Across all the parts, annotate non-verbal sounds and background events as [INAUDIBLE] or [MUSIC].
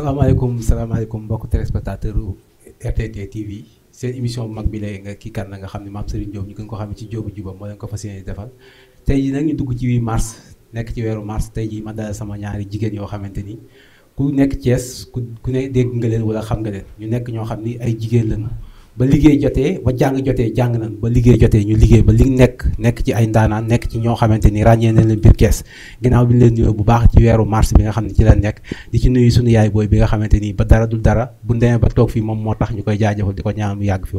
salaamaaleykum salaamaaleykum mbokk téléspectateur RTT TV seen émission bu mag bi lay nga ki kan la nga xam ne maam Serigne Diop ñu gën ko xam ne ci Diop jubam moo leen ko fas yéene defal tey jii nag ñu dugg ci 8 mars nekk ci weeru mars tey jii ma dalal sama ñaari jigéen yoo xamante ni ku nekk cees ku ku ne dégg nga leen wala xam nga leen ñu nekk ñoo xam ni ay jigéen la lañu ba liggéey jotee ba jàng jotee jàng nañ ba liggéey jotee ñu liggéey ba li nekk nekk ci ay ndaanaan nekk ci ñoo xamante ni ràññee nañ leen biir kees ginnaaw bi ñu leen nuyoo bu baax ci weeru mars bi nga xam ne ci la nekk di nuyu suñu yaay booy bi nga xamante ni ba dara dul dara bu ndemee ba toog fii moom moo tax ñu koy jaajëfal di ko ñaan mu yàgg fi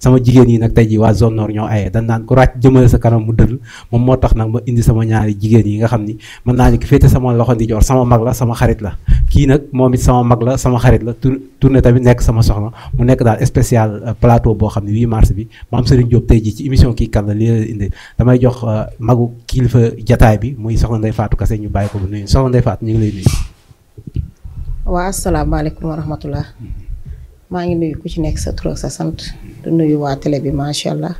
sama jigéen yi nag tey ji waa zone nord ñoo ayee dañ naan ku ràcc jëmale sa kanam mu dëll moom moo tax nag ma indi sama ñaari jigéen yi nga xam ni mën naa ni ki féete sama loxo ndi joor sama mag la sama xarit la kii nag moom it sama mag la sama xarit la tournée tamit nekk sama soxna mu nekk daal spécial euh, plateau boo xam ne 8 mars bi maam Serigne Diop tey jii ci émission kii kan la lii la indi damay jox euh, magu kilifa jataay bi muy soxna Ndeye Fatou Kassé ñu bàyyi ko bu nuyu soxna Ndeye Fatou ñu ngi lay nuyu. waa asalaamaaleykum wa rahmatullah maa ngi nuyu ku ci nekk sa tur sa sant di nuyu waa télé bi macha allah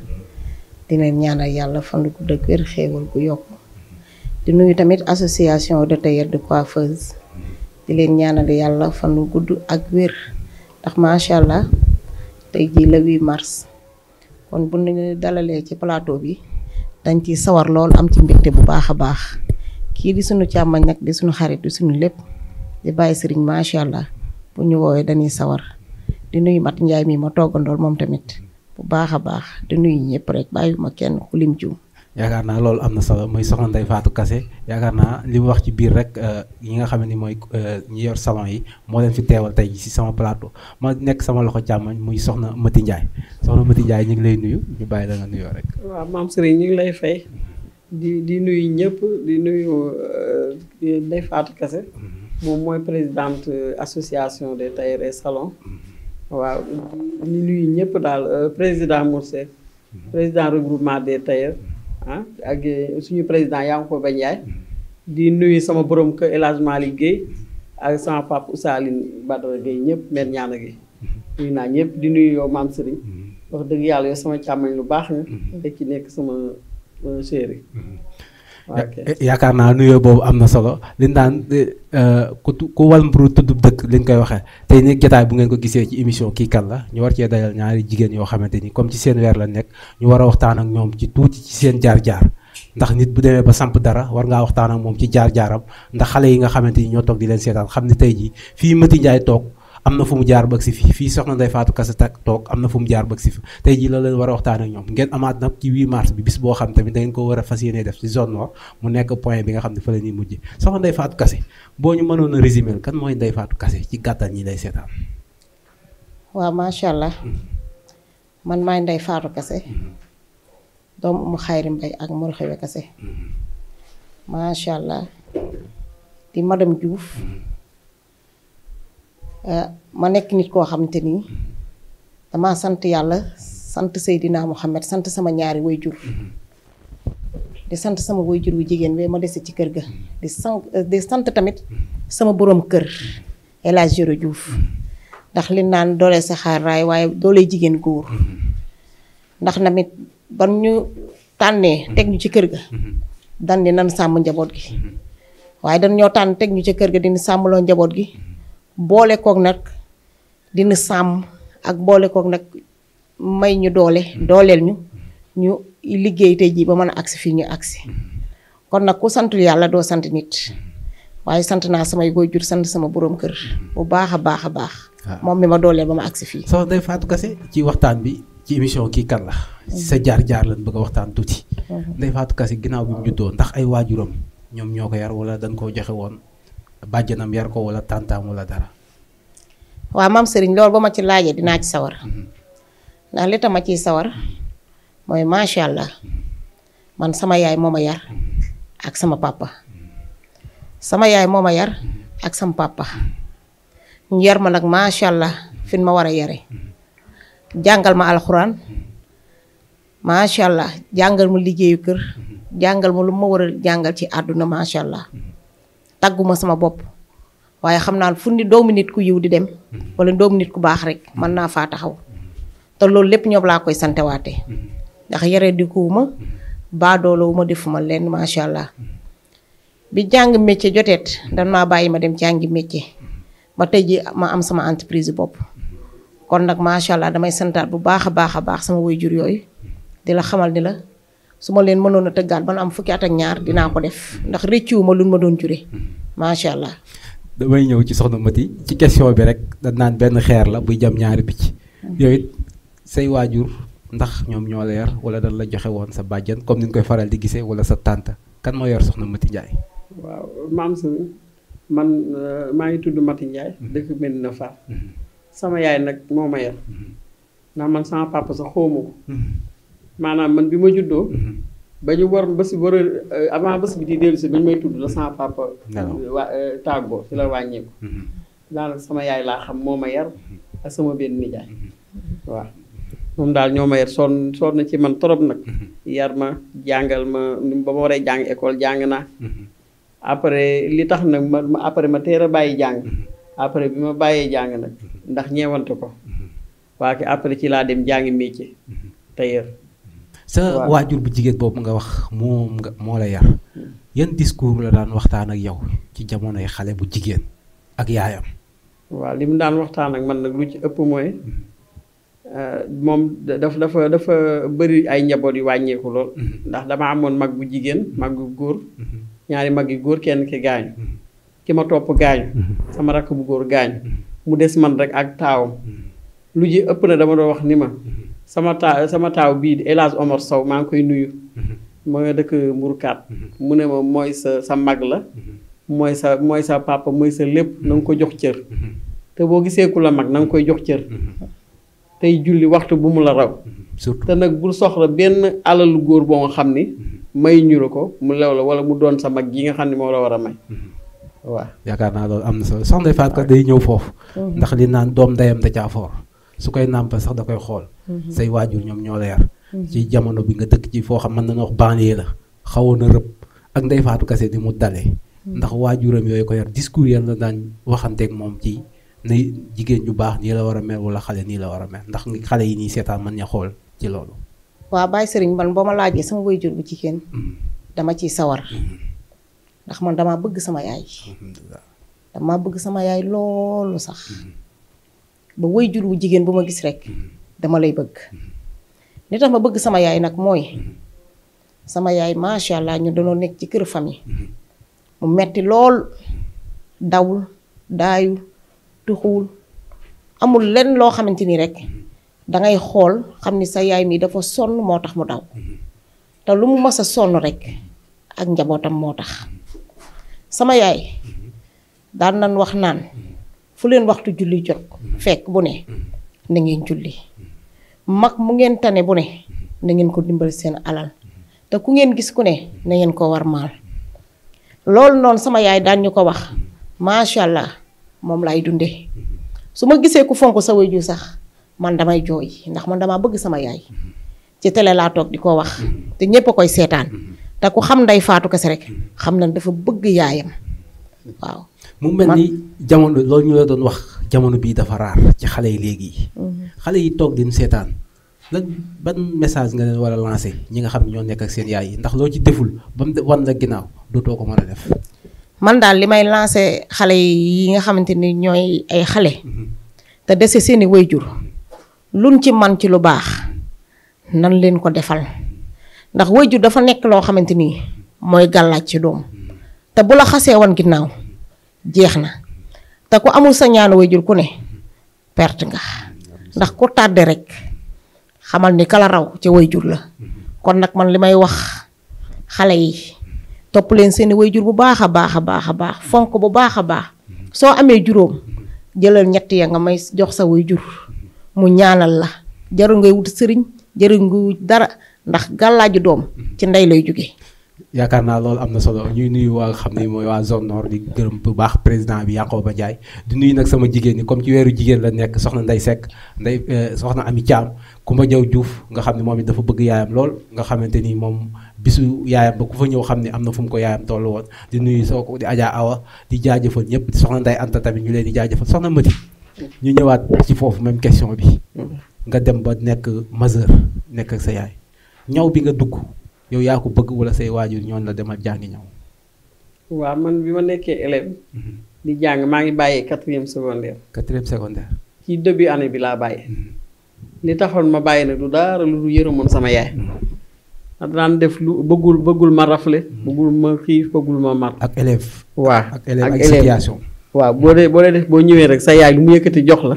di leen ñaanal yàlla fan gu dëgg wér tamit association di leen ñaanal yàlla fan wu gudd ak wér ndax macha allah tey jii la 8 mars kon bu ñu dalalee ci palaato bi dañ ciy sawar lool am ci mbégte bu baax a baax kii di sunu càmmañ nag di suñu xarit di sunu lépp di bàyyi sëriñ macha allah bu ñu woowee dañuy sawar di nuyu Mat Njaay mii ma toggandool moom tamit bu baax a baax di nuyu ñëpp bàyyi ma kenn ku lim juum yaakaar naa loolu am na solo muy soxna Ndeye Fatou Kassé yaakaar naa li mu wax ci biir rek euh, ñi nga xam ni mooy euh, ñi yor salon yi moo leen fi teewal tey ci sama plateau ma nekk sama loxo càmmoñ muy soxna Mati Ndiaye soxna Mati Ndiaye ñu ngi lay nuyu ñu bàyyi la nga nuyoo rek. waa maam Serigne ñu ngi lay fay di di nuyu ñëpp di nuyu euh, Ndeye Fatou mm-hmm. moom mooy présidente association des tailleurs et mm-hmm. waaw di nuyu ñëpp daal président Mousse mm-hmm. président regroupement des tailleurs. ah ak eh, suñu président Yankhoba Ndiaye di nuyu sama borom kër élagement Hadj Malick Guèye ak sama papa Ousaline Badara Guèye ñëpp mère ñaana gi nuyu naa ñëpp di nuyu yow maam Serigne mm-hmm. wax dëgg yàlla yow sama càmmañ lu baax na te ci nekk sama chéri mm-hmm. Eh, yaakaar naa nuyoo boobu am na solo liñ daan eh, ku ku wal mburu tuddub dëkk liñ koy waxee tey ni jotaay bu ngeen ko gisee ci émission kii kan la ñu war cee dajal ñaari jigéen yoo xamante ni comme ci seen weer la nekk ñu war a waxtaan ak ñoom ci tuuti ci seen jaar-jaar ndax nit bu demee ba samp dara war ngaa waxtaan ak moom ci jaar-jaaram ndax xale yi nga xamante ni ñoo toog di leen seetaan xam ne tey jii fii Mati Ndiaye toog am na fu mu jaar ba si fii fii soxna Ndeye Fatou Kassé toog am na fu mu jaar ba si fi tey jii la leen war a waxtaan ak ñoom ngeen amaat nag ci mars bi bis boo xam tamit da ngeen ko war a fas yéene def si zone nord mu nekk point bi nga xam ne fa la ñuy mujj soxna Ndeye Fatou Kassé boo ñu mënoon a résumer kan mooy Ndeye Fatou Kassé ci gàttal macha allah hmm. man maay Ndeye Fatou Kassé hmm. doomu umu xayri mbay ak Mor Xewe Kassé hmm. macha allah di madame Diouf. Eh, ma nekk nit koo xam xamante ni dama sant yàlla sant Seydina Mohamed sant sama ñaari jur mm-hmm. di sant sama jur wu jigéen bi ma dese ci kër ga di sant tamit sama boroom kër El Hadj Yoro Diouf mm-hmm. ndax li naan doole saxaar raay waaye doole jigéen góor mm-hmm. ndax namit ban ñu tànnee teg ñu ci kër ga dan di nan sàmm njaboot gi waaye dañ ñoo tànn teg ñu ci kër ga dina sàmmloo njaboot gi boole koog nag dina sàmm ak boole kook nag may ñu doole dooleel ñu ñu liggéey tey jii ba mën a agsi fii ñu agsi kon nag ku santul yàlla doo sant nit waaye sant naa samay jur sant sama boroom kër bu baax a baax a baax. Ah. moom mi ma dooleel ba ma agsi fii. soo Ndeye faatu Kassé ci waxtaan bi ci émission kii kan la. Mm-hmm. sa jaar jaar lañ bëgg a waxtaan tuuti. Mm-hmm. Ndeye Fatou Kassé ginnaaw bi mu juddoo ndax ay waajuram ñoom ñoo ko yar wala dañ koo joxe woon. bàjjanam yar ko wala tàntaam wala dara. waaw maam sëriñ loolu ba ma ci laajee dinaa ci sawar. Mm-hmm. ndax li ma ciy sawar mooy macha allah man sama yaay moo ma yar ak sama papa sama yaay moo ma yar ak sama papa ñu ma nag macha allah fi ma war a yare jàngal ma alxuraan macha allah jàngal ma liggéeyu kër jàngal ma lu ma war a jàngal ci àdduna macha allah. tàgguma sama bopp waaye xam naa fu ni doomu nit ku yiw di dem mhm. wala doomu nit ku baax rek mhm. mën naa faa taxaw te loolu lépp ñoom laa koy santewaate mhm. ndax yare dikuwuma baadoolo wuma defuma leen macha allah bi jàng métier joteet dan maa bàyyi ma dem jàngi métier ba tey ji ma am sama entreprise bopp kon nag macha allah damay santaat bu baax a baax a baax sama jur yooyu di la xamal ni la su ma leen mënoon a tëggaat ba am fukki at ak ñaar dinaa ko def ndax rëccu ma lu ma doon jure mm-hmm. macha allah. damay ñëw ci soxna Mati ci question bi rek danaa benn xeer la buy jam ñaari picc. Mm-hmm. yooyu it say waajur ndax ñoom ñoo la yar wala dañ la joxe woon sa bàjjan comme ni ñu koy faral di gisee wala sa tante kan moo yor soxna Mati Ndiaye. waaw maam man euh, maa ngi tudd Mati Ndiaye. Mm-hmm. dëkk na Fall. sama yaay nag moo ma yar. ndax man sama papa sax xawma maanaam man bi ma juddoo. Mhm. ba ñu war bés war a euh, avant bés bi di dellu si bi ñu may tudd la sama papa. Euh, wa euh, tàggoo ci la wàññeeku. Mhm. daanaka sama yaay laa xam moo ma yar mhm. ak sama benn nijaay. waaw moom daal ñoo ma yar sonn sonn na ci man trop nag. yar ma jàngal ma ba ma waree jàng ecole jàng naa. après li tax nag ma ma après ma teel a bàyyi jàng. après bi ma bàyyee jàng nag. ndax ñeewante ko. waa ki après ci laa dem jàngi métier. tailleur. sa waajur bu jigéen boobu nga wax moom nga moo la yar hmm. yan discours la daan waxtaan ak yow ci jamonoy xale bu jigéen ak yaayam. waaw li mu daan waxtaan ak man nag lu ci ëpp mooy hmm. euh, moom dafa dafa dafa bëri ay njaboot yu wàññeeku lool. Hmm. ndax dama amoon mag bu jigéen mag góor. ñaari mag yu góor kenn ki gaañu. ki ma topp gaañu. sama rakk bu góor gaañu. mu des man rek ak taawam. lu ji ëpp na dama doon wax ni ma. sama taaw sama taaw bii El Hadj Omar Sow maa ngi koy nuyu mm-hmm. ma nga dëkk Mbourkat mm-hmm. mu ne ma mooy sa sa mag la mm-hmm. mooy sa mooy sa papa mooy sa lépp na nga ko jox cër te boo gisee ku la mag na nga koy jox cër tey julli waxtu bu mu la raw te nag bul soxla benn alalu góor boo nga xam ni may ñu ko mu lew la wala mu doon sa mag yi nga xam ne moo la war a may waaw yaakaar naa loolu am na solo soxna Fatou day ñëw foofu ndax li naan doom ndeyam da caa foor su koy nàmpal sax da koy xool mhm. say waajur ñoom ñoo la yar mhm. ci jamono bi nga dëkk ci foo xam mën na wax banlieue la xawoon na rëb ak ndey faatu kase di mu dalee mhm. ndax waajuram yooyu ko yar discours yàlla daan waxanteeg moom ci na jigéen ju baax nii la war a mel wala xale nii la war a mel ndax xale yi nii seetaan mën ña xool ci loolu waaw Baye Serigne man boo ma laajee sama waajur bu jigéen dama ciy sawar ndax man dama bëgg sama yaay dama bëgg sama yaay loolu sax ba way jur wu jigéen bu ma gis rek mm-hmm. dama lay bëgg mm-hmm. li tax ma bëgg sama yaay nag mooy mm-hmm. sama yaay macha allah ñu danoo nekk ci kër famille mu metti lool dawul daayu tuxuwul amul lenn loo xamante ni rek dangay xool xam ni sa yaay mii dafa sonn moo tax mu daw te lu mu mës a sonn rek ak njabootam moo tax sama yaay daan nan wax naan fu leen waxtu julli jot fekk bu ne na ngeen julli mag mu ngeen tane bu ne na ngeen ko dimbali seen alal te ku ngeen gis ku ne na ngeen ko war maal loolu noonu sama yaay daan ñu ko wax macha allah moom laay dunde su ma gisee ku fonk sa wayju sax man damay jooy ndax man damaa bëgg sama yaay ci tele laa toog di ko wax te ñépp a koy seetaan te ku xam nday faatu kese rek xam na dafa bëgg yaayam waaw mu mel ni jamono loolu ñu la doon wax jamono bii dafa raar ci xale yi léegi. Mhm. xale yi toog din seetaan lan ban message nga leen war a lancé ñi nga xam ne ñoo nekk ak seen yaay yi ndax loo ci deful ba mu wan la ginnaaw dootoo ko mën a def. man daal li may lancé xale yi yi nga xamante ni ñooy ay xale. Mhm. te dese seeni i wayjur luñ ci man ci lu baax nan leen ko defal ndax wayjur dafa nekk loo xamante ni mooy gàllaaj ci doom mhm. te bu la xasee wan ginnaaw. jeex na te ku amul sa way jur ku ne perte nga ndax ku tàdde rek xamal ni kala raw way jur la kon nag man li may wax xale yi topp leen seeni wayjur bu baax a baax a baax a baax fonk bu baax a baax soo amee juróom jëlal ñett ya nga may jox sa way jur mu ñaanal la jarul ngay wut sëriñ jarul ngay wut dara ndax gàllaaju doom ci ndey lay jóge yaakaar naa loolu am na solo ñuy nuyu waa xam ne mooy waa zone nord di gërëm bu baax président bi ba jaay di nuyu nag sama jigéen ñi comme ci weeru jigéen la nekk soxna Ndeye Seck Ndeye euh, soxna Ami Thiam Kumba Jaw Diouf nga xam ne moom it dafa bëgg yaayam lool nga xamante ni moom bisu yaayam ba ku fa ñëw xam ne am na fu mu ko yaayam tollu woon di nuyu soo ko di Adja Awa di jaajëfal ñëpp soxna Ndeye Anta tamit ñu leen di jaajëfal soxna Mati ñu ñëwaat ci foofu même question bi mm-hmm. nga dem ba nekk majeur nekk ak sa yaay ñaw bi nga dugg yow yaa ko bëgg wala say waajur ñoon la demal jàngi ñëw. waaw man bi ma nekkee élève. Mhm. di jàng maa ngi bàyyee quatrième secondaire. quatrième secondaire. ci début année bi laa bàyyee. ni mhm. taxoon ma bàyyi nag du dara lu du yërëmoon sama yaay. ndax mhm. daan def lu bëggul bëggul ma rafle. bëggul ma xiif bëggul ma mar. ak élève. waa ak élève ak situation. waaw boo dee boo dee def boo ñëwee rek sa yaay lu mu yëkkati jox la.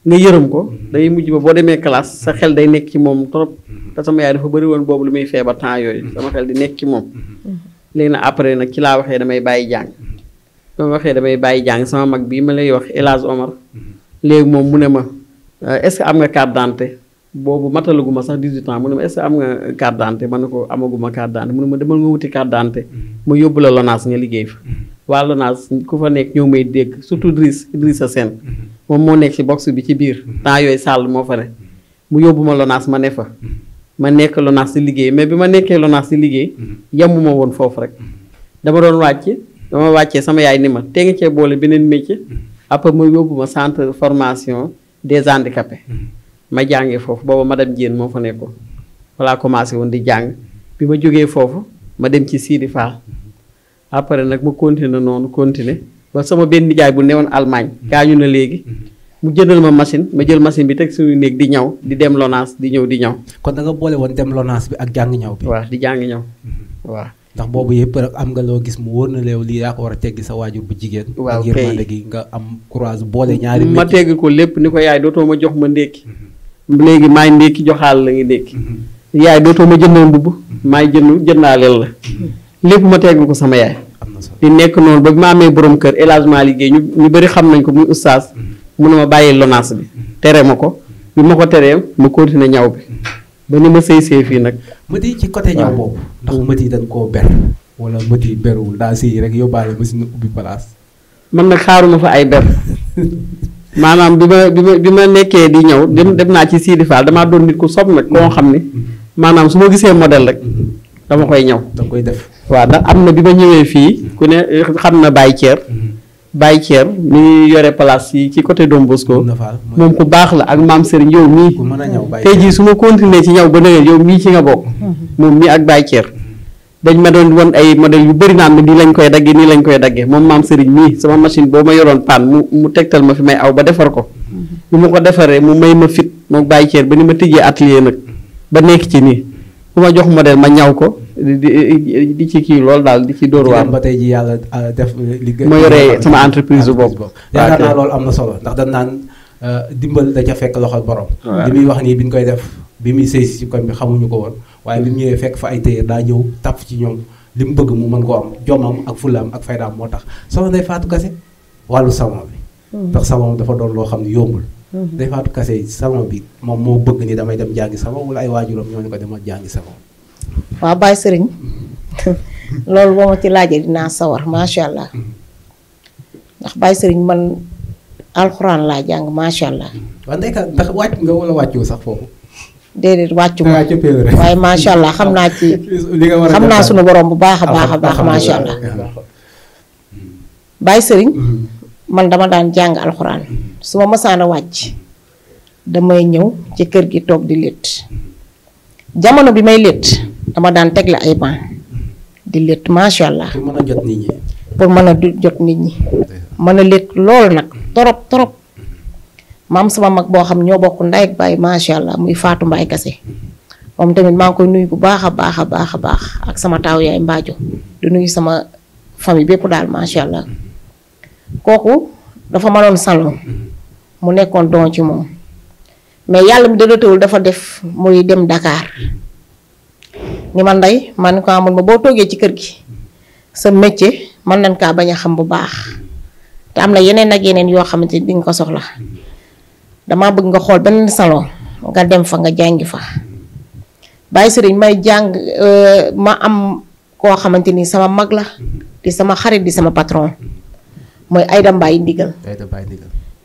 nga yërëm ko day mujj ba boo demee classe sa xel day nekk ci moom trop mhm. te sama yaay dafa bëri boobu lu may feebar temps yooyu mhm. sama xel di nekk ci moom mhm. léegi nag après nag ci laa waxee damay bàyyi jàng ba waxee damay bàyyi jàng sama mag bii ma lay wax El Hadj léegi moom mu ne ma euh, est-ce am nga carte d'identité boobu matalaguma sax 18 ans mu ne ma est am nga carte d'identité ma ne ko amaguma carte d'identité mu ne ma demal nga wuti carte d'identité ma yóbbu la LONASE nga liggéey fa waa LONASE ku fa nekk ñoo may dégg surtout Idriss sa Sène moom moo nekk ci box bi ci biir temps mm-hmm. yooyu sàll moo fa ne mu yóbbu ma Lonase ma ne fa mm-hmm. ma nekk Lonase di liggéey mais bi ma nekkee Lonase di liggéey mm-hmm. yemuma woon foofu rek dama doon wàcc dama wàccee sama yaay ni ma tee nga cee boole beneen métier après ma yóbbu ma centre formation des handicapés ma jàngee foofu booba madame Diène moo fa nekkoon voilà commencé woon di jàng bi ma jógee foofu ma dem ci Sidi Fall après nag ma continuer noonu continuer ba sama benn nijaay bu newoon Allemagne mm-hmm. gaañu na léegi mm-hmm. mu jëndal ma machine ma jël machine bi teg suñu néeg di ñaw di dem lonaas di ñëw di ñaw. kon da nga boole woon dem lonaas bi ak jàng ñaw bi. waaw di jàng ñaw mm-hmm. waaw. ndax boobu yëpp am nga loo gis mu wóor na léew lii yaa ko war a teggi sa waajur bu jigéen. waaw kay ak yërmande nga am courage boole ñaari. ma tegg ko lépp ni ko yaay dootoo ma jox ma ndékki. léegi maay ndékki joxaal la nga ndékki. yaay dootoo ma jëndal mbubb. maay jënd jëndaaleel la. lépp ma tegg ko sama yaay. di nekk noonu ba bi ma amee borom kër élagement liggéey ñu ñu bëri xam nañ ko muy oustaz mm-hmm. mu ne ma bàyyi lonaas bi mm-hmm. tere ma ko bi ma ko teree ma continué ñaw bi ba ma sëy sëy fii nag mëti ci côté ñaw boobu ndax mm-hmm. mëti dañ koo ber wala mëti berwul daa sëy rek yóbbaale ma si nu ubbi place man nag xaaruma fa ay ber [LAUGHS] maanaam bi ma bi ma bi ma nekkee di ñëw dem dem naa ci Sidi Fall damaa doon nit ku sob nag koo xam ne maanaam su ma gisee modèle rek dama koy ñaw. da koy def waaw ndax am na bi ma ñëwee fii ku ne eh, xam na Baye Thier. Mm-hmm. Baye Thier mu yore place yi ci côté Don Bosco moom ku baax la ak maam Serigne yow mii. tey jii su ma continuer ci ñaw ba nawet yow mii ci nga bokk. Mm-hmm. moom mii ak Baye Thier. ma doon won ay modèle yu bëri naan ma nii lañ koy daggee nii lañ koy daggee moom maam Serigne mii sama machine boo ma yoroon paan mu mu tegtal ma fi may aw ba defar ko. Mm-hmm. bu ma ko defaree mu may ma fit moom Baye Thier ba ni ma tijjee atelier nag ba nekk ci nii. ku ma jox modèle ma ñaw ko di ci kii loolu daal di ci dóor waar ba tey ji yàlla euh, def liggéey ma yoree sama entreprise bopp yaakaar naa lool am na solo ndax dañ naan euh, dimbal da ca fekk loxo borom li muy wax nii bi ñu koy def bi muy sëy si koñ bi xamuñu ko woon waaye bi mu ñëwee fekk fa ay téye daa ñëw tàpp ci ñoom li mu bëgg mu mën koo am jomam ak fulaam ak faydaam moo tax soxna Ndeye Fatou Kassé wàllu salon bi hmm. ndax salon dafa doon loo xam ne yombul Mhm. day faatu kase salon bi moom moo bëgg ni damay dem jàngi salon wala ay waajuram ñoo ñu ko demal jàngi salon. waa Baye Sëriñ mhm. loolu boo ma ci laajee dinaa sawar macha allah mhm. ndax Baye Sëriñ man alxuraan laa jàng macha allah. waaw ndeyka ndax wàcc nga wala wàccoo sax foofu. déedéet wàccu ma ah, waaye macha allah xam naa ci [LAUGHS] xam naa sunu borom bu baax a baax a baax macha allah Baye Sëriñ. man dama daan jàng alxuraan su ma masaan wàcc damay ñëw ci kër gi toog di létt jamono bi may létt dama daan tegle ay ban di létt macha allah. pour mën a jot nit ñi. pour mën a jot nit ñi. mën a létt lool nag torop torop maam sama mag boo xam ñoo bokk ndey ak baay macha allah muy Fatou Mbaye Kassé moom tamit maa ngi koy nuyu bu baax a baax a baax a baax ak sama taaw yaay mbaajo du nuyu sama famille bépp daal macha allah. kooku dafa mënoon salon mm-hmm. mu nekkoon don ci moom mais yàlla mi dëdëtewul dafa def muy dem dakaar ni ma ndey man ko amul ma boo toogee ci kër gi sa métier mën nañ kaa bañ a xam bu baax te am na yeneen ak yeneen yoo xamante ni dinga ko soxla dama bëgg nga xool benn salon nga dem fa nga jàngi fa bàyyi sëriñ may jàng euh, ma am koo xamante ni sama mag la di sama xarit di sama patron mooy Aïda Mbaye Ndigal. Aïda Mbaye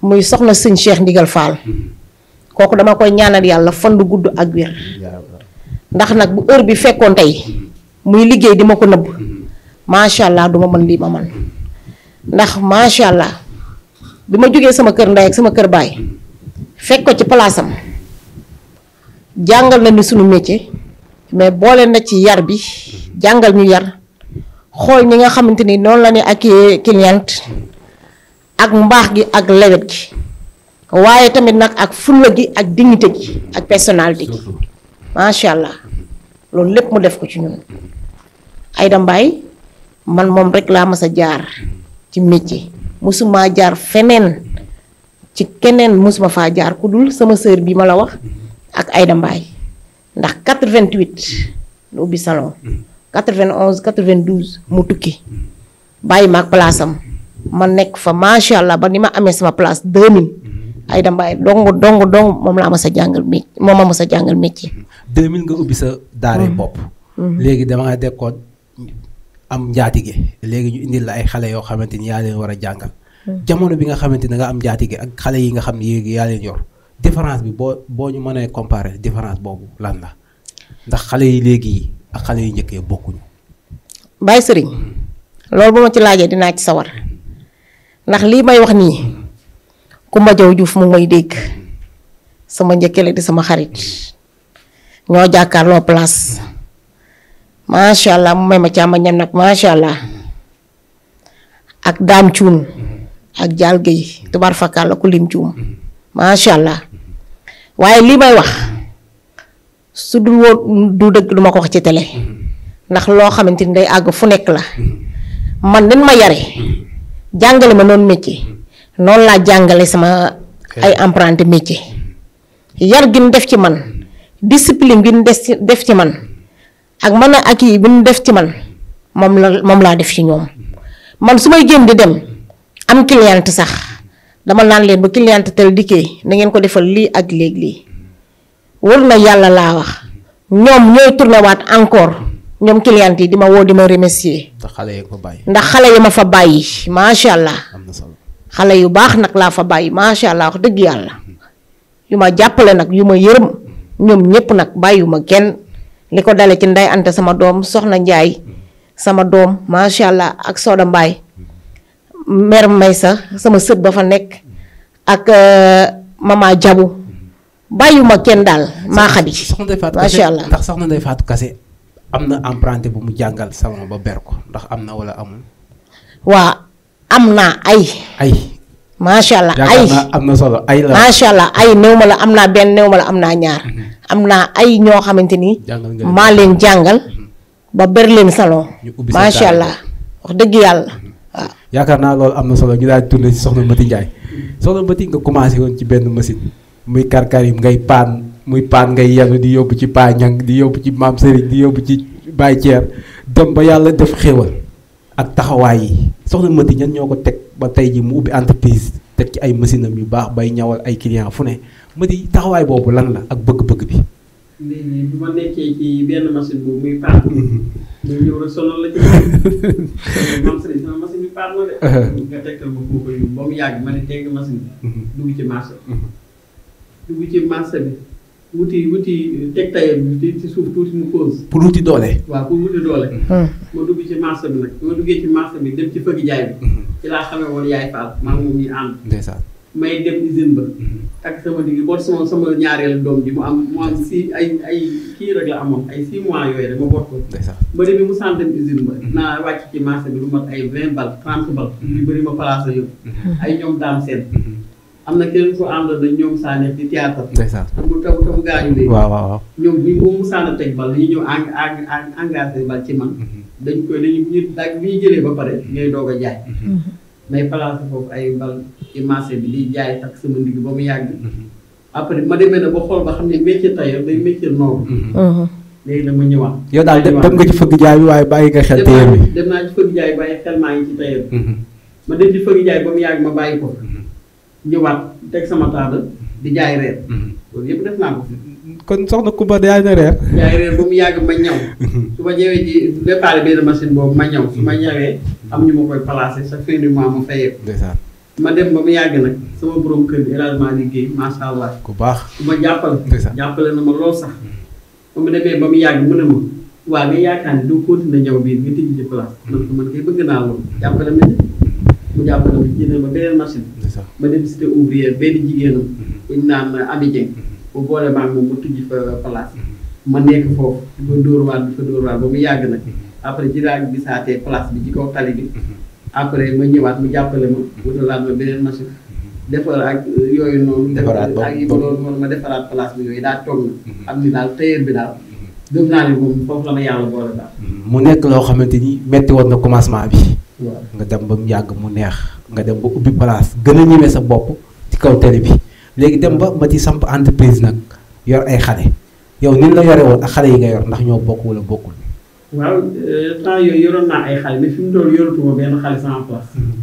muy soxna sëñ Cheikh Ndigal Fall. Mm-hmm. kooku dama koy ñaanal yàlla fan lu gudd ak wér. ndax nag bu heure bi fekkoon tey mm-hmm. muy liggéey di ma ko nëbb mm-hmm. macha allah du ma mën lii ma man ndax macha allah bi ma jógee sama kër ndey ak sama kër baay fekk ko ci palaasam jàngal na ni sunu métier mais boole na ci yar bi jàngal ñu yar xool ñi nga xamante ni noonu la ne ak client ak mbaax gi ak lewet gi waaye tamit nag ak fulla gi ak dignité gi ak personnalité gi macha allah loolu lépp mu def ko ci ñun Aïda Mbaye man moom rek laa mas a jaar ci métier mosuma jaar feneen ci keneen mësuma faa jaar ku dul sama sœur bi ma la wax ak Aïda Mbaye ndax 88 lu ubbi salon 91 92 mu tukki bàyyi ma ak palaasam ma nekk fa macha allah ba ni ma amee sama place 2000. Mm-hmm. ay dambaay dong dong dong moom laa ma sa jàngal mi moom ma ma sa jàngal métier. 2000 mm-hmm. nga ubbi sa daaree mm-hmm. bopp. léegi dama dekkoon am njaatige léegi ñu indil la ay xale yoo xamante ni yaa leen war a jàngal. jamono bi nga xamante ni nga am njaatige ak xale yi nga xam ne yéegi yaa yor différence bi boo boo ñu mënee comparer différence boobu lan la ndax xale yi léegi ak xale yu njëkkee bokkuñu. Baye Serigne loolu bu ma ci laajee dinaa ci sawar. ndax lii may wax nii ku Kumba Jaw Juuf mu may dégg sama njëkkale di sama xarit ñoo jàkkaarloo place macha allah mu may ma càmm ñam nag macha allah ak daam cuun ak jaal géey tubaar fakkaar la ku lim cuum macha allah waaye lii may wax su dul woon du dëgg duma ko wax ci télé ndax loo xamante ni day àgg fu nekk la man nin ma yare jàngale ma noonu métier hmm. noonu laa jàngale sama ay apprenti métier hmm. yar gi ñu def ci man hmm. discipline gi ñu def ci man ak mën a ak yi bi ñu def ci man moom la moom laa def ci ñoom man su may génn di dem am cliente sax dama naan leen ba cliente tel dikkee nangeen ko defal lii ak léegi lii wër na yàlla laa wax ñoom ñooy tourné encore. ñoom client yi di ma woo di ma remercier. ndax xale yi ma fa bàyyi. ndax xale yi ma fa bàyyi macha allah. am xale yu baax nag laa fa bàyyi macha allah wax dëgg yàlla. yu ma jàppale nag yu ma yërëm ñoom ñëpp nag ma kenn li ko dale ci ndey ante sama doom soxna Njaay sama doom macha allah ak Soda Mbaay mer may sa sama sët ba fa nekk ak euh, mama jabu ma kenn daal maa xadi. macha allah ndax soxna Ndeye Fatou Kase am na emprunté bu mu jàngal salon ba ber ko ndax am na wala amul. waaw am naa ay. ay macha allah ay am na solo ay la ay néew ma la am naa benn néew ma la am naa ñaar. Mhm. am naa ay ñoo xamante ni. maa leen jàngal. Mhm. ba ber leen salon. ñu ubbi macha allah wax dëgg yàlla mhm. waaw. yaakaar naa loolu am na solo ñu daal tourné ci soxna Mati Ndiaye soxna Mati nga commencé woon ci benn machine muy karkar yi ngay paan. muy paan ngay yenu di yóbbu ci paa ñang di yóbbu ci maam Serigne di yóbbu ci Baye Thier dem ba yàlla def xéwal ak taxawaay yi soxna Mati ñan ñoo ko teg ba tey ji mu ubbi entreprise teg ci ay machine yu baax bay ñawal ay client fu ne Mati taxawaay boobu lan la ak bëgg-bëgg bi. [LAUGHS] [LAUGHS] [LAUGHS] wuti wuti eh, teg tayoon bi ci suuf tuuti mu pause. pour wuti doole. waa pour wuti doole. ma hmm. dugg ci marché bi nag ma bi dem ci fëgg jaay bi. Hmm. ci laa xamee woon yaay Fall maa moom ñu ànd. ndeysaan may dem usine ba. Hmm. ak sama digg boot sama sama ñaareelu doom bi mu am mu am si ay ay kii rek la amoon ay 6 mois yooyu rek ma bokk ko. ndeysaan ba demee mu sant dem usine ba. naa wàcc ci marché bi lu mat ay 20 bal 30 bal. yu bëri ma placé yóbbu. ay ñoom daam seen. am na keneen ku ànd na ñoom Sané di théâtre bi. ndeysaan mu taw taw gaañu leen. waaw waaw waaw ñoom ñu moom mu Sané teg bal dañuy ñëw eng eng engagé bal ci man. Mhm. dañ koy dañuy ñu daaj ba pare ngay mhm. doog a jaay. Mhm. may placé foofu ay bal ci marché bi di jaay ak sama ndig ba mu yàgg. après ma demee na ba xool ba xam ne métier tailleur day métier noonu. léegi nag ma ñëwaat. yow daal dem nga ci fëgg jaay bi waaye bàyyi nga xel. tailleur bi dem naa ci fëgg jaay bi bàyyi xel maa ngi ci ma dem jaay ba mu yàgg ma bàyyi ñëwaat teg sama taabal di jaay reer. Mhm. loolu yëpp def naa ko. kon soxna Kumba yaay na reer. yaay reer ba mu yàgg ma ñaw. Mhm. su ma ñëwee ci déparé benn boobu ma ñaw su ma mhm. ñëwee am ñu ma koy placé chaque fin ma fayee. ma dem ba mu yàgg nag sama borom kër bi élargement liggéey macha allah. ku baax ku ma jàppale. jàppale na ma lool sax. ba mu demee ba mu yàgg mu ne ma waa nga yaakaar ne doo continuer ñaw biir nga tijji ci place. man ko man kay bëgg naa loolu jàppale ma mu jàppale ma jëndal ma beneen machine. ma dem cité ouvrière benn jigéenam. Mm-hmm. bu ñu naan Ami Dieng. bu mm-hmm. boole maa moom mu tijji fa place. Mm-hmm. ma nekk foofu di fa dóor waar di mu yàgg nag. après ci laa gisaatee place bi ci kaw tali bi. après ma ñëwaat mu jàppale ma. wutalaat ma beneen machine. defar ak yooyu noonu. defaraat ak yi ma doon noonu ma defaraat place bi yooyu daal toog na. am ni daal tailleur bi daal. gëm naa ne moom foofu la ma yàlla boole daal. mu nekk loo xamante ni metti woon na commencement bi. nga dem ba mu yàgg mu neex nga dem ba ubbi place gën a ñemee sa bopp ci kaw télé bi léegi dem ba ba ci samp entreprise nag yor ay xale yow ni la yore woon ak xale yi nga yor ndax ñoo bokk wala bokkul. waaw euh, temps yooyu yoroon naa ay xale mais fi mu toll benn xale sans place mm-hmm.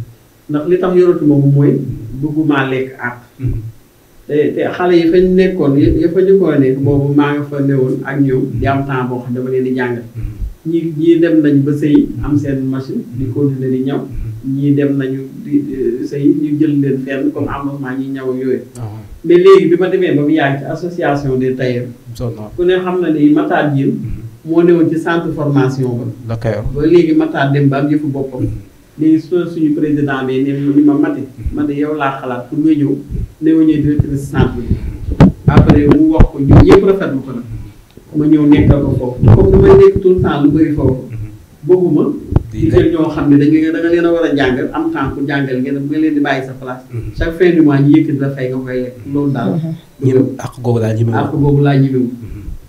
ndax li tax yoratuma bu mooy bëgguma lekk àpp mm-hmm. xale yi fa nekkoon yi ñu ko nekk boobu maa nga fa newoon ak ñoom di temps boo xam dama leen di jàngal mm-hmm. ñi ñii dem nañ ba sëy am seen machine di continuer ni ñaw mm-hmm. ñii dem nañu di sëy ñu jël leen fenn comme amement ñi ñaw yooyu ah mais léegi bi ma demee ba mu yàgg ci association des tailleurs ku ne xam na ni mataat jén mm-hmm. moo newoon ci centre formation ba ba léegi mataat dem ba ak yëfu boppam mm-hmm. léegi so suñu président bi ne ma mati ma ne yow laa xalaat pour nga ñëw newuñu directrice centre bi après mu wax ko ñun ñëpp rafetlu ko nag ma ñëw nekkal ko foofu comme du may nekk tout le temps lu bëri foofu mhm. bëgguma di ñoo xam ne dañu da nga leen a war a jàngal am temps pour jàngal ngeen nga leen di sa place mhm. chaque fin du mois ñu yëkkati la fay nga koy lekk loolu daal mhm. ñëw ak googu laa ñëw ak googu laa ñëw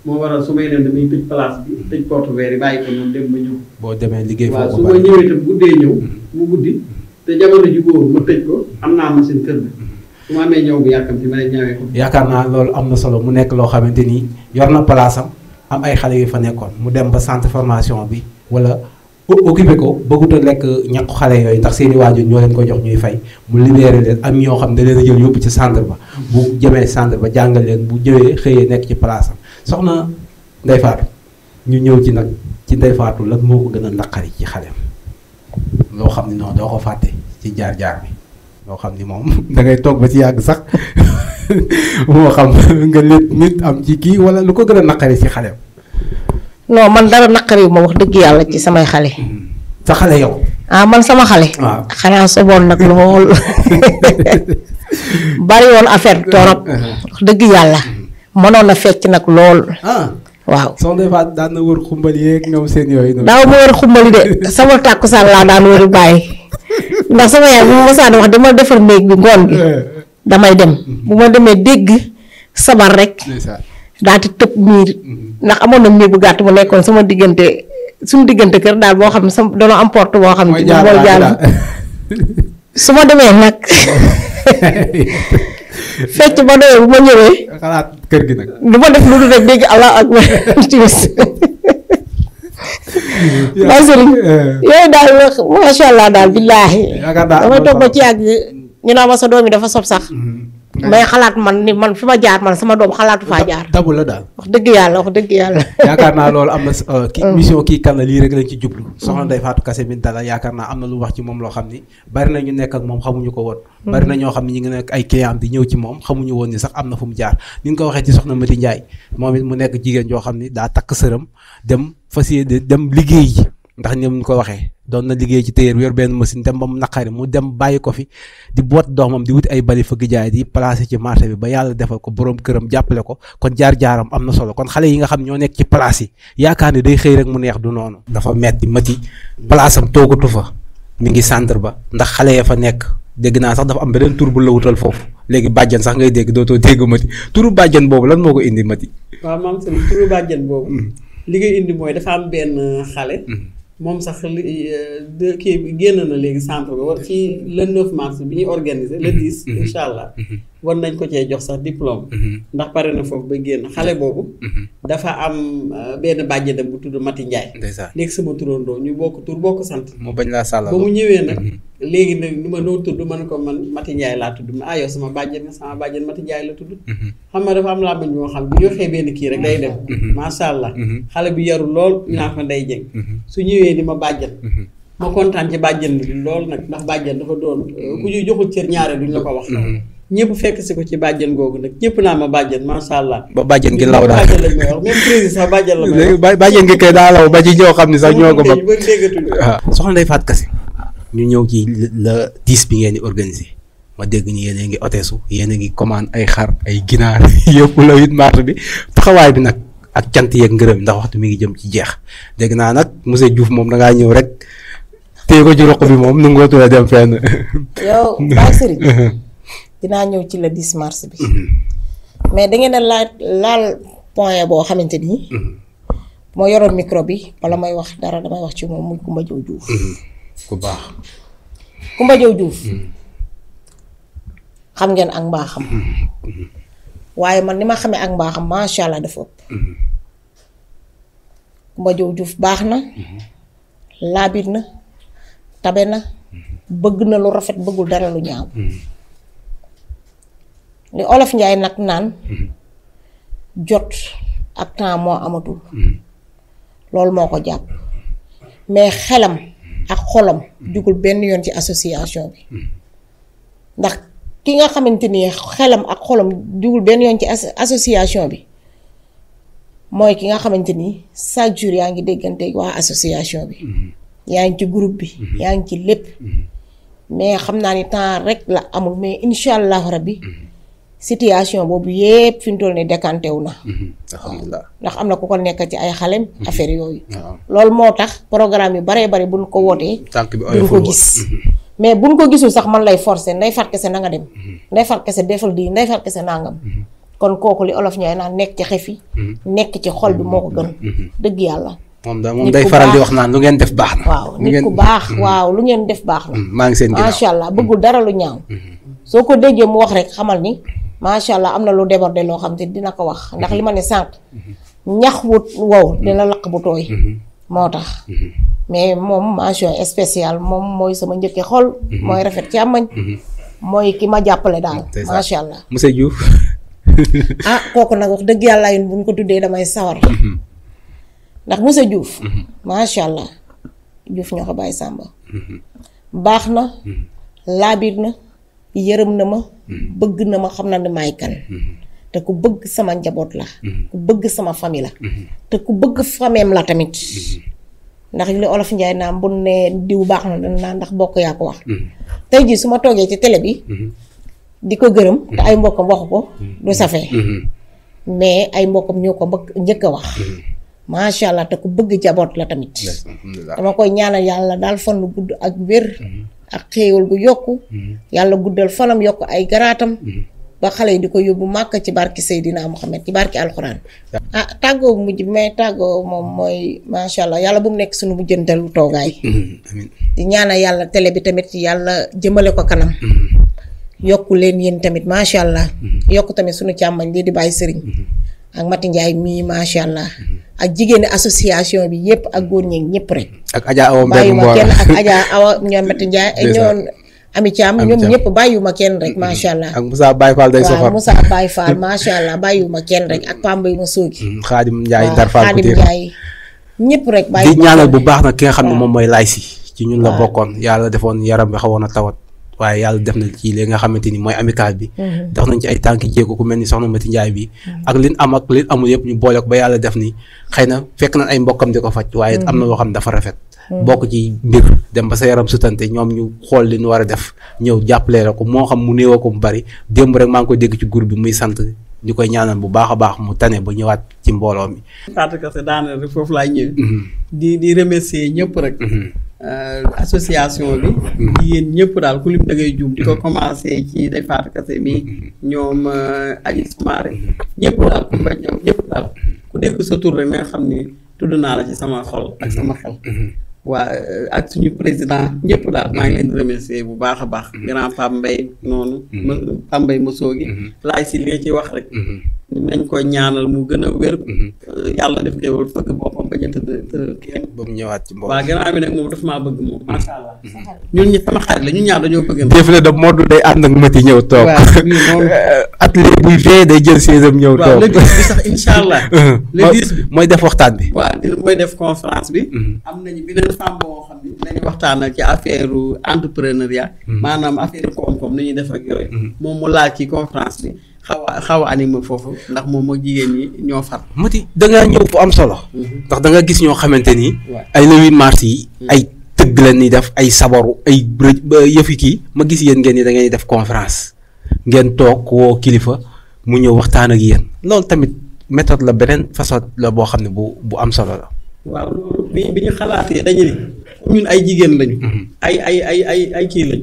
moo waral su may dem damay tëj bi tëj porte vert yi bàyyi ko noonu boo demee liggéey foofu waaw su ma ñëwee tam guddee ñëw mu guddi te jamono ji góor ma tëj ko am naa machine kër bi su ma amee ñëw bu yàkkamti ma ne ñawee ko yaakaar naa loolu am na solo mu nekk loo xamante nii yor na palaasam am ay xale yu fa nekkoon mu dem ba centre formation bi wala occupé ko bëggut a lekk ñàkku xale yooyu ndax seeni waajur ñoo leen ko jox ñuy fay mu libéré leen am ñoo xam da leen a jël yóbbu ci centre ba bu jëmee centre ba jàngal leen bu jëwee xëyee nekk ci palaasam soxna Ndeye Fatou ñu ñëw ci nag ci Ndeye faatu la moo ko gën a naqari ci xaleem loo xam ko fàtte ci jaar-jaar bi loo ni moom [LAUGHS] da toog ba ci yàgg sax [LAUGHS] [LAUGHS] moo xam [LAUGHS] nga lépp nit am ci kii wala lu ko gën a naqari ci xale. non man dara naqariw ma wax dëgg yàlla ci samay xale. sa xale yow. Ah, man sama xale. waaw ah. xanaa soboon nag lool [LAUGHS] bari woon affaire torop uh-huh. wax dëgg yàlla. mënoon a fecc nag lool. Ah. waaw soo Eva daan na wër xumbali yeeg ñoom seen yooyu. daaw ma wër xumbali de sama tàkkusaan laa daan wër bàyyi ndax sama yaay bu ma mosaan wax dama defar néeg bi ngoon gi. Eh. damay dem mhm. bu ma demee dégg sabar rek daal di tëb miir mhm. ndax amoon na miir bu gàtt bu nekkoon sama diggante suñu diggante kër daal boo xam ne sama danoo am porte boo xam ne mooy jaar su ma demee nag [LAUGHS] fecc kër gi nag ma def lu dul rek dégg allah ak ma [LAUGHS] timis [LAUGHS] sëriñ eh. yooyu daal masha allah daal billaahi damay toog ci yàgg ñu naa ma sa doom yi dafa sob sax. Mm-hmm. may xalaat man ni man fi ma jaar man sama doom xalaatu faa jaar. tabu la daal wax dëgg yàlla wax dëgg yàlla. [LAUGHS] yaakaar naa loolu am na euh, ki mm. mission kii kan la lii rek lañ ci jublu. Mm. soxna Ndeye faatu kase Binta la yaakaar naa am na lu wax ci moom loo xam ni bari na ñu nekk ak moom xamuñu ko woon. Mm. bari na ñoo xam ne ñu ngi nekk ay client di ñëw ci moom xamuñu woon ni sax am na fu mu jaar ni nga ko waxee ci soxna Mati Ndiaye moom it mu nekk jigéen joo xam ni daa takk sëram dem fas yéene dem liggéey ndax ni mu ko waxee doon na liggéey ci téyeer yor benn machine dem ba mu naqari mu dem bàyyi ko fi di boot doomam di wuti ay bali fëgg jaay di placé ci marché bi ba yàlla defal ko borom këram jàppale ko kon jaar-jaaram am na solo kon xale yi nga xam ñoo nekk ci place yi yaakaar ne day xëy rek mu neex du noonu. dafa metti mati place am toogatu fa mu ngi centre ba ndax xale ya fa nekk dégg naa sax dafa am beneen tur bu la wutal foofu léegi bàjjan sax ngay dégg dootoo dégg mati turu bàjjan boobu lan moo ko indi mati. waaw maam turu bàjjan boobu. Mm. moom sax li eh, kii génn na léegi centre bi war ci le 9 mars bi ñu organiser le 10 mm-hmm. incha allah mm-hmm. war nañ ko cee jox sax diplôme. Mhm. ndax pare na foofu ba génn xale boobu. Mhm. dafa am euh, benn bàjjenam bu tudd Mati Ndiaye. nekk sama turandoo ñu bokk tur bokk sant. mu bañ laa sàllal mu ñëwee nag. Mhm. léegi nag ni ma noo tudd man ko man Mati laa tudd ah sama bàjjen nga sama bàjjen Mati Ndiaye la tudd. xam nga dafa am laa bañ ñoo xam bu benn kii rek day dem. macha allah. xale bi yarul lool ñu naan su ñëwee ni ma bàjjen. kontaan ci bàjjen bi lool nag ndax bàjjen dafa doon euh, ku ñuy joxul cër ñaare duñ la ko wax. ñëpp fekk si ko ci bàjjen googu nag ñëpp naa ma bàjjen macha allah. ba bàjjen gi law daal bàjjen lañ la may wax. léegi gi kay daa law ba ci xam ne sax ñoo ko ba. waaw ah. soxna Ndeye Fatou Kassé ñu ñëw ci la dix bi ngeen di organiser ma dégg ni yéen a ngi oteesu yéen a ngi commande ay xar ay ginaar [LAUGHS] yëpp la huit mars bi taxawaay bi nag ak cant yeeg ngërëm ndax waxtu mi ngi jëm ci jeex dégg naa nag monsieur Diouf moom da ngaa ñëw rek téye ko ci roq bi moom nu mu la dem fenn. [LAUGHS] dinaa ñëw ci la 10 mars bi. Mhm. mais da ngeen a laaj laal point boo xamante ni. Mhm. moo yoroon micro bi wala may wax dara damay wax ci moom muy Kumba Jow Juuf. ku baax. Kumba Jow Juuf. ngeen ak mbaaxam. Mhm. man ni ma xamee ak mbaaxam macha allah dafa ëpp. Kumba baax na. laabir na tabe na. bëgg na lu rafet bëggul dara lu ñaaw. li olof njaay nag naan mhm. jot ak temps moo amatul mhm. loolu moo ko jàpp mais xelam ak xolam mhm. jugul benn yoon ci association bi ndax ki nga xamante ni xelam ak xolam jugul benn yoon ci association bi mooy ki nga xamante ni chaque jour yaa ngi déggante waa association bi yaa ngi ci groupe bi yaa ngi ci lépp mais xam naa ni temps rek la amul mais incha allahu rabbi situation boobu yépp fi mu toll nii décanté wu na. Mhm. ndax am na ku ko nekk ci ay xalem. Mhm. affaire yooyu. loolu moo tax programme yu baree bari buñ ko wootee. Mhm. tànk bi duñ ko gis. mais buñ ko gisul sax man lay forcer nday far kese na nga dem. nday far kese defal di nday far kese nangam. kon kooku li olof ñooy naan nekk ci xef yi. nekk ci xol bi moo ko dëgg yàlla. moom da day faral di wax naan lu ngeen def baax na. waaw nit ku baax waaw lu ngeen def baax na. maa ngi seen ginnaaw macha allah bëggul dara lu ñaaw. soo ko déggee mu wax rek xamal ni. macha allah am na lu débordé loo xam te dina ko wax ndax li ma ne sànq mhm. ñax wu wow mhm. dina laq bu tooy mhm. moo tax mais moom mention spéciale moom mooy sama njëkkee xol mooy rafet ci amañ mooy ki ma jàppale daal macha allah monsieur Diouf [LAUGHS] ah kooku nag wax dëgg yàlla yun buñ ko tuddee damay sawar ndax monsieur Diouf macha allah Diouf ñoo ko sàmba baax na laabir na yërëm na ma mhm. bëgg na ma xam na ne maay kan mhm. te ku bëgg sama njaboot la mhm. ku bëgg sama famille la te ku bëgg fameem la tamit ndax li olof njaay naa bu ne diw baax na dana naa ndax bokk yaa ko wax tey jii su ma toogee ci tele bi di ko gërëm te ay mbokkam waxu ko du safee mais ay mbokkam ñoo ko bëgg njëkk wax macha allah te ku bëgg njaboot la tamit dama koy ñaanal yàlla daal fan lu ak wér ak xéewal bu yokk mm-hmm. yàlla guddal fanam yokk ay garaatam mm-hmm. ba xale yi di ko yóbbu màkk ci barki Seydina Muhammad ci barki alxuraan ah tàggoo bu mujj bi may tàggoo moom mooy macha allah yàlla bu nekk suñu mujjantalu toogaay mm-hmm. di ñaanal yàlla télé bi tamit yàlla jëmale ko kanam yokk leen yéen tamit macha allah yokk tamit suñu càmmañ lii di bàyyi sëriñ ak Mati mii macha allah. ak jigéeni association bi yëpp ak góor ñi ñëpp rek. ak Adja Awa Mbengue Mbow ak Adja Awa ñoom Mati Ndiaye ñoom. Ami Thiam ñoom ñëpp bàyyiwuma kenn rek macha allah. ak Moussa Baye Fall day safar waaw macha allah bàyyiwuma kenn rek ak Pambay ma soogi. Xaadim mm, Ndiaye Ndar Fall Xaadim Ndiaye ñëpp rek. bàyyiwuma di ñaanal bu baax na ki nga xam ne moom mooy laay si. ci ñun la bokkoon yàlla defoon yaram bi xawoon a tawat. waaye yàlla def na ci li nga xamante ni mooy amicale bi mhm. dox nañ ci ay tànk jéego ku mel ni soxna Mati Njaay bi mhm. ak lin am ak lin amul yëpp ñu boole ko ba yàlla def ni xëy na fekk nañ ay mbokkam di ko faj waaye am na mhm. loo xam dafa rafet bokk ci mbir dem ba sa yaram sutante ñoom ñu xool li ñu war a def ñëw jàppalee la ko moo xam mu néew ko mu bari démb rek maa ngi koy dégg ci groupe bi muy sant ñu koy ñaanal bu baax a baax mu tane ba ñëwaat ci mbooloo mi. fàttali ko sa daanaka foofu di di remercier Euh, association bi jigéen mm-hmm. ñëpp daal ku lim da ngay juum di ko commencé ci day faatu kase mi mm-hmm. ñoom euh, aji sumaare mm-hmm. ñëpp daal ku bañ ñoom ñëpp daal ku dégg sa tur rek nga xam ni tudd naa la ci sama xol ak sama xel waa euh, ak suñu président ñëpp daal maa ngi leen bu baax a baax grand Pape Mbaye noonu Pape mbay Mousso gi laay si li nga ciy wax rek nañ ko ñaanal mu gën a wér. Mhm. yàlla def nga yow fëgg boppam ba ñu tëdd tëdd kenn. ba mu ñëwaat ci mbokk waaw moom dafa maa bëgg moom macha allah. Mhm. ñun ñi dañoo bëgg. défilé de mode day ànd ak mati ñëw toog. atelier buy fee day jël séesam ñëw toog. waaw [LAUGHS] [LAUGHS] mhm. mooy def waxtaan bi. waaw mooy def conférence bi. am nañu beneen waxtaan ak ci affaire entrepreneuriat. maanaam affaire koom ñuy def ak yooyu. moom mu laal ci conférence bi. a xaw a foofu ndax moom moo jigéen ñi ñoo far. mati da ngaa ñëw fu am solo. Mhm. ndax da nga gis ñoo xamante ni. ay le huit yi. Mhm. ay tëgg leen ñuy def ay sabaru ay yëfi kii ma gis yéen ngeen ni da def conférence ngeen toog woo kilifa mu ñëw waxtaan ak yéen loolu tamit méthode la beneen façon la boo xam ne bu bu am solo la. waaw bi bi ñu xalaatee dañu ni ñun ay jigéen lañu. Mm-hmm. ay ay ay ay kii lañ.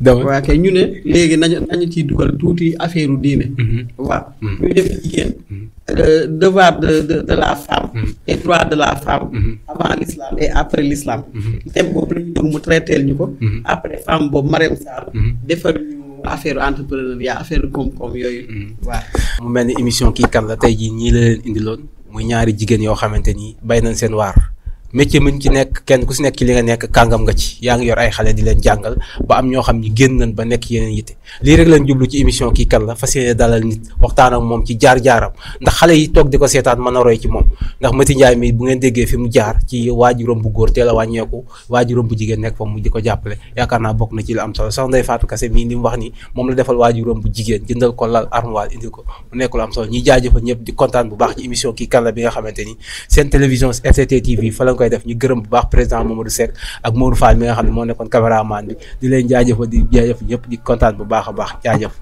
[LAUGHS] waaw kay ñu ne léegi nañu nañu ciy dugal tuuti affaire diine. Mm-hmm. waaw mm-hmm. ñu def jigéen. Euh, devoir de de la femme. et de la femme. avant l'islam et après l'islam. thème boobu la ñu mu traiteel ñu ko. après femme boobu Marème Sarr. defar ñu affaire entrepreneuriat affaire koom-koom yooyu. waaw mu mel ni émission kii kan la tey jii ñii la leen indiloon muy ñaari jigéen yoo xamante ni bay nañ seen waar. métier miñ ci nekk kenn ku si nekk ci li nga nekk kàngam nga ci yaa ngi yor ay xale di leen jàngal ba am ñoo xam ni génn nañ ba nekk yeneen yitte lii rek lañ jublu jaar-jaaram ndax xale yi toog di ko seetaan mën a roy ci moom ndax Mati Ndiaye mi bu ngeen déggee fi mu jaar ci waajuram bu góor teel a wàññeeku waajuram bu jigéen nekk fa mu di ko yaakaar naa bokk na ci la am solo sax Ndeye Fatou Kassé mii li mu wax ñëpp di kontaan bu baax ci émission kii kan la bi nga xamante ni seen télévision RTT TV koy def ñu gërëm bu baax président Mamadou Seck ak Modou Fall mi nga xam ne moo nekkoon caméraman bi di leen jaajëfal di jaajëf ñëpp di kontaan bu baax a baax jaajëf